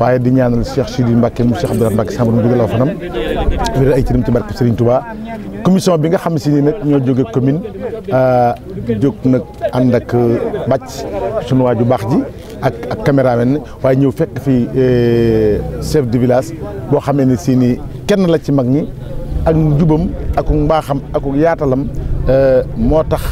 waaye di ñaanal Cheikh Sidi Mbacke mu Cheikh Abdoulaye Mbacke sama dugal la fanam wéral ay cëram ci barke Serigne Touba commission bi nga xam si ni nag ñoo jóge commune euh, jóg nag ànd ak euh, bàcc sunu waaju baax ji ak ak caméraman waaye ñëw fekk fi euh, chef de village boo xamee ni si ni kenn la ci mag ñi ak njubam ak mbaaxam ak yaatalam moo tax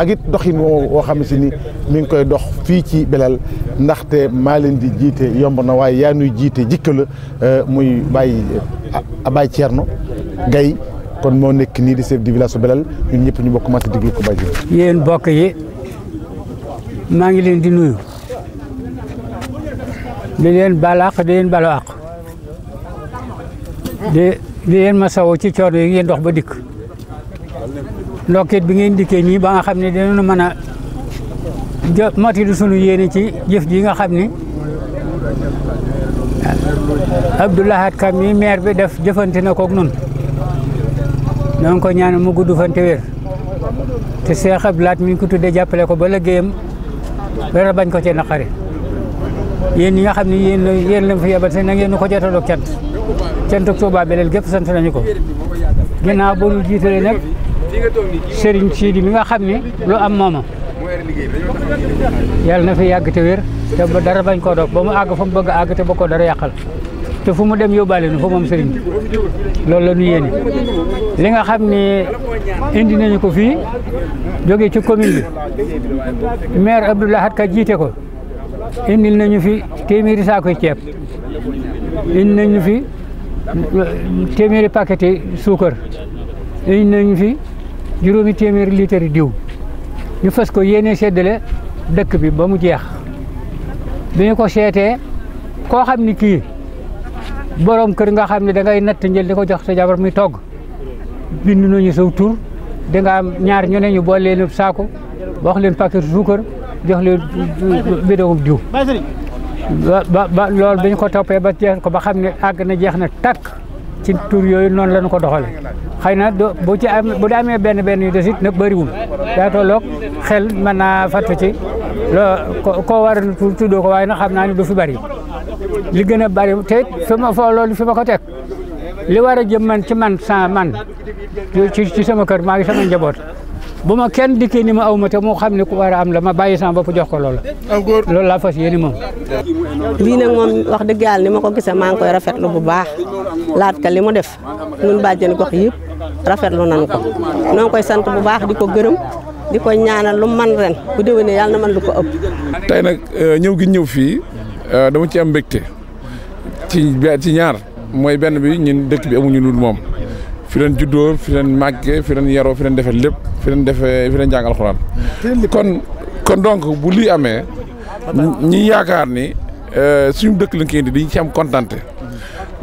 agit it doxin woo xam si ni mi ngi koy dox fii ci Belel ndaxte maa leen di jiite yomb na waaye yaa nuy jiite jikka la euh, muy Baye Baye Thierno Gaye kon mo nek ni di chef du village belal ñun ñëpp ñu bokk ci diglu ko Baye yéen bokk yi ma ngi leen di nuyu di leen balax di leen balax de di di masawu ci coono yi ngeen dox ba dik ndokit bi ngeen dikkee ni ba nga xam dañu mëna mën a matilu sunu yéene ci jëf ji nga xam Abdullah Abdoulahat mi maire bi def jëfante na ak nun non ko ñaan mu guddu fante te wér te Cheikh Abdoulahat mi ko tuddee jàppale ko ba liggéeyam dara bañ ko ci naqari yeen yi nga xam yeen yéen yéen lañ fi yebal te na ngeen ko jotaloog cant cant ak Touba lel gep sant nañu ko bo lu jiitalee nak Serigne Sidi mi nga xam ni lu am mooma yàlla na fi yàgg te wér te ba dara bañ koo doog ba mu àgg fa mu bëgg a àgg te ba koo dara yàqal te fu mu dem yóbbaale nu fa moom Serigne bi loolu la ñu yéene li nga xam ne indi nañu ko fii jóge ci commune bi maire Abdou Ka jiite ko indil nañu fi téeméeri saakoy ceeb indi nañu fi téeméeri paquet suukar indi nañu fi juróomi téeméeri litre diw ñu fas ko yéene séddale dëkk bi ba mu jeex bi ñu ko seetee koo xam ni kii boroom kër nga xam ne dangay ngay natt njël di ko jox sa jabar muy togg bind nañu saw tur da am ñaar ñu ne ñu boole leen saako wax leen paquet suukar jox leen bidon diw ba ba loolu bi ñu ko toppee ba jeex ko ba xam ne àgg na jeex na takk. ci tur yooyu noonu lanu ñu ko doxale xëy na bu ci am bu amee benn benn yu des it na bëriwul daa xel mën naa fàttu ci loo koo war a tuddoo ko waaye na xam naa ne du fi bëri li gën a bëri te fi ma foo loolu ma ko teg li war a jëm man ci man sans man ci sama kër maa ngi sama njaboot buma kenn diké ni ma aw ma te moo ku wara am la ma bayi sama bop jox ko lool lool la fas yéene mom li nak mom wax deug yàlla ni mako ko ma maa ngi koy rafetlu bu baax laat ka li mu def ñun bàjjani gox yëpp rafetlu nan ko noo koy sant bu baax di ko diko di ko ñaanal lu man ren bu déwénee yal na man lu ko upp tay nak euh, ñew gi ñew fi euh, dama ci am mbégte ci ci ñaar moy benn bi ñun dëkk bi amuñu lu mom fi len juddoo fi len màggee fi len yaro fi len defal lepp fi leen defee fi leen jàng alxuraan. kon kon donc bu lii amee. ñi yaakaar ni euh, suñu dëkk lañ koy indi dañ ci am kontante.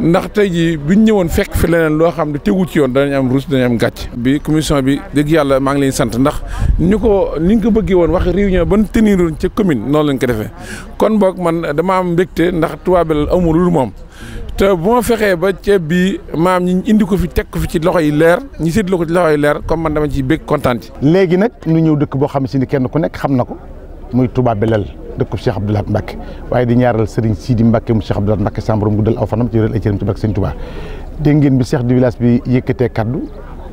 ndax te jii bu ñu ñëwoon fekk fi leneen loo xam ne tegu ci yoon danañ am ruus danañ am gàcc. bi commission bi dëgg yàlla maa ngi leen sant ndax ñu ko ni ñu ko bëggee woon wax réunion ban teniroon ca commune noonu lañ ko defee kon boog man dama am mbégte ndax tubaab bi amul lu moom. te bu ma fexee ba ceeb bi maam ñi indi ko fi teg ko fi ci loxo yi leer ñi séddale ko ci loxo yi leer comme man dama ci bëgg kontaan ci. léegi nag ñu ñëw dëkk boo xam si ni kenn ku nekk xam na ko muy Touba Belel dëkku Cheikh Abdou Lahad Mbacké waaye di ñaaral Serigne siidi Mbacké mu Cheikh Abdou Lahad Mbacké sàmm bu guddal aw fanam ci réel ay cëram ci barke ngeen bi chef du village bi yëkkatee kaddu.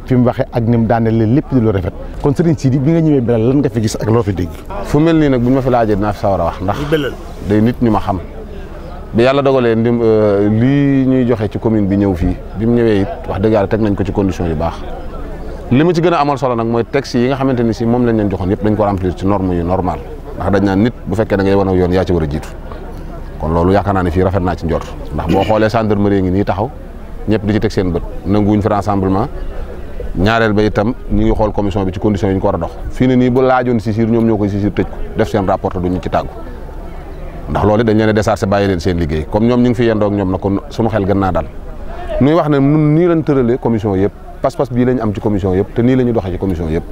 fi mu waxee ak ni mu daanelee lépp di lu rafet kon sëriñ Sidi bi nga ñëwee Belel lan gis ak loo fi dégg. fu mel nii nag bu ma fi laajee dinaa sawar a wax ndax. day nit ñu ma xam. bi yalla dogale ndim euh, li ñuy joxe ci commune bi ñew fi bi mu ñewé it wax deug yalla tek nañ ko ci condition yu baax limu ci gëna amal solo nag mooy texte yi nga xamanteni ci mom lañ leen joxone yépp dañ ko remplir ci norme yu normal ndax dañ naan nit bu fekkee da ngay wan yoon ya ci wara jitu kon lolu yakana ni fi rafet na ci ndjor ndax bo xolé gendarmerie ngi ni taxaw ñepp di ci tek seen bëtt nanguwuñ fi rassemblement ñaarel ba itam ñi ngi xol commission bi ci condition yu ko wara dox fi ni bu lajoon ci sir ñom ñokoy ci sir siir ko def seen rapport duñu ci taggu ndax loolu dañ leen a décharger bàyyi leen seen liggéey comme ñom ñu ngi fi yendoog ñoom na kon suñu xel gën naa dal nuy wax ne ñun ni lañ tëralee commission yépp pass pass bi lañ am ci commission yépp té ni lañu doxé ci commission yépp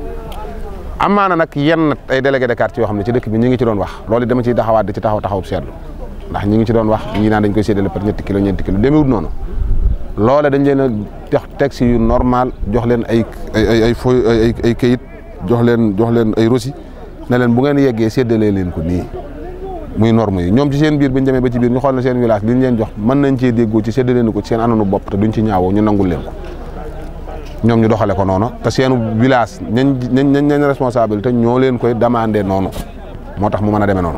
amana nak yenn ay délégué de quartier yo xamné ci dëkk bi ñi ngi ci doon wax loolu dama ci taxawaat ci taxaw taxaw seetlu ndax ñi ngi ci doon wax ñi naan dañ koy sédélé par ñett kilo ñett kilo démé wut nonu loola dañ leen tax taxi yu normal jox leen ay ay ay ay ay kayit jox leen jox leen ay rosi ne leen bu ngeen yeggé sédélé leen ko ni muy norme yi ñoom ci seen biir bañ demee ba ci biir ñu xool na seen village li ñu leen jox mën nañ cee déggoo ci séddale leen ko ci seen ananu bopp te duñ ci ñaawoo ñu nangul leen ko ñoom ñu doxale ko noonu te seen village ñañ ñañ ñañ responsabilité ñoo leen koy demandé noonu moo tax mu mën a demee noonu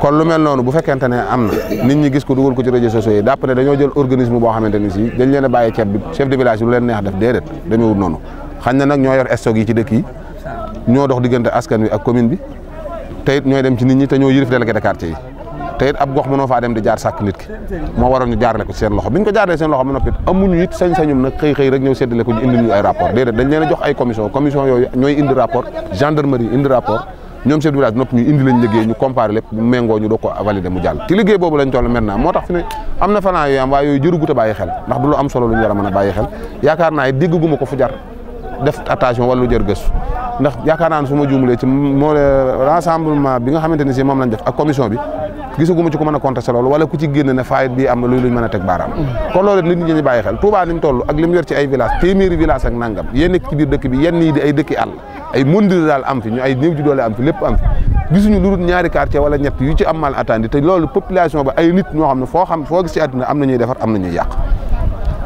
kon lu mel noonu bu fekkente ne am na nit ñi gis ko dugal ko ci réseaux sociaux yi dàpp ne dañoo jël organisme boo xamante ni si dañ leen a bàyyi ceeb bi chef de village lu leen neex def déedéet demeewul noonu xañ na nag ñoo yor stock yi ci dëkk yi ñoo dox diggante askan wi ak commune bi te it ñooy dem ci nit ñi te ñoo yërif délégué de quartier yi te ab gox mënoo faa dem di jaar sàkk nit ki moo waral ñu ñu ko jaaralee seen loxo ba noppi amuñu it sañ-sañum nag xëy xëy rek a ñooy indi rapport ñu indi lañ ñu comparé lépp ñu méngoo moo tax fi ne am na fanaa yooyu waaye yooyu a bàyyi xel ndax du lu am solo lu ñu war a mën a bàyyi xel yaakaar naa it dégg guma ko fu jar def attention wàllu jër ndax yaakaar naa ne su ma juumlee ci moo bi nga xamante ne si moom lañ def ak commission bi gisaguma ci ku mën a contesté loolu wala ku ci génn ne faayit bi am na luy luñ mën a teg baaraam kon loolu nit ñi ñu bàyyi xel Touba ni mu toll ak li mu ci ay village téeméeri village ak nangam yéen nekk dëkk bi yenn yi di ay dëkki àll ay mundir daal am fi ñu ay ji doole am fi lépp am fi gisuñu lu dul ñaari quartier wala ñett yu ci am mal attendi te loolu ba ay nit ñoo xam ne foo xam foo gis ci am na defar am na yàq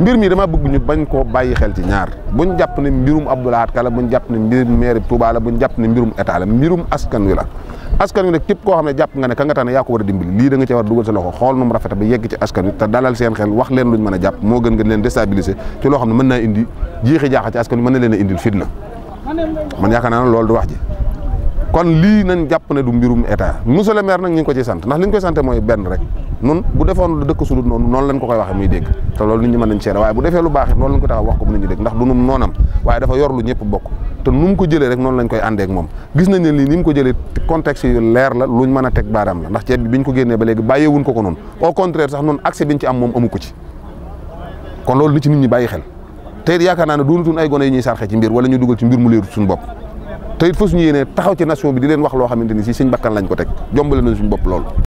mbir mi dama bëgg ñu bañ koo bàyyi xel ci ñaar buñ jàpp ne mbirum Abdou Lahad Ka la jàpp ne mbirum maire Touba la buñ jàpp ne mbirum état la mbirum askan wi la askan wi nag képp koo xam ne jàpp nga ne ka nga tànn yaa a lii da nga cee war a dugal sa loxo xool nu mu rafet yegg ci askan wi te dalal seen xel wax leen luñ mën a jàpp moo gën nga leen déstabiliser ci loo xam ne mën naa indi jiixi jaaxa ci askan wi mën na leen a indil fitna wax ji kon lii nañ jàpp ne du mbirum état monsieur le maire ko ci sant ndax li koy sante mooy benn rek nun bu defoon lu dëkk sudut noonu noonu lañ ko koy waxee muy dégg te loolu nit ñi mën nañ seere waaye bu defee lu baax it noonu ko taxaw wax ko mu nit ñi dégg ndax du num bokk te nu ko jëlee rek noonu lañ koy àndee moom gis nañ ne lii ni mu ko jëlee contexte yu leer la luñ mën a teg baaraam la ndax ceeb biñ ko génnee ba léegi bàyyeewuñ ko ko noonu au contraire sax noonu accès biñ ci am moom amu ci loolu li bàyyi xel te yaakaar naa ne doonutun ay gone yi wala ñu dugal ci mbir mu leeru suñu bopp te it fa suñu yéenee taxaw ci nation bi di leen wax loo xamante ni si suñ bakkan lañ ko teg jombale nañ suñ bopp loolu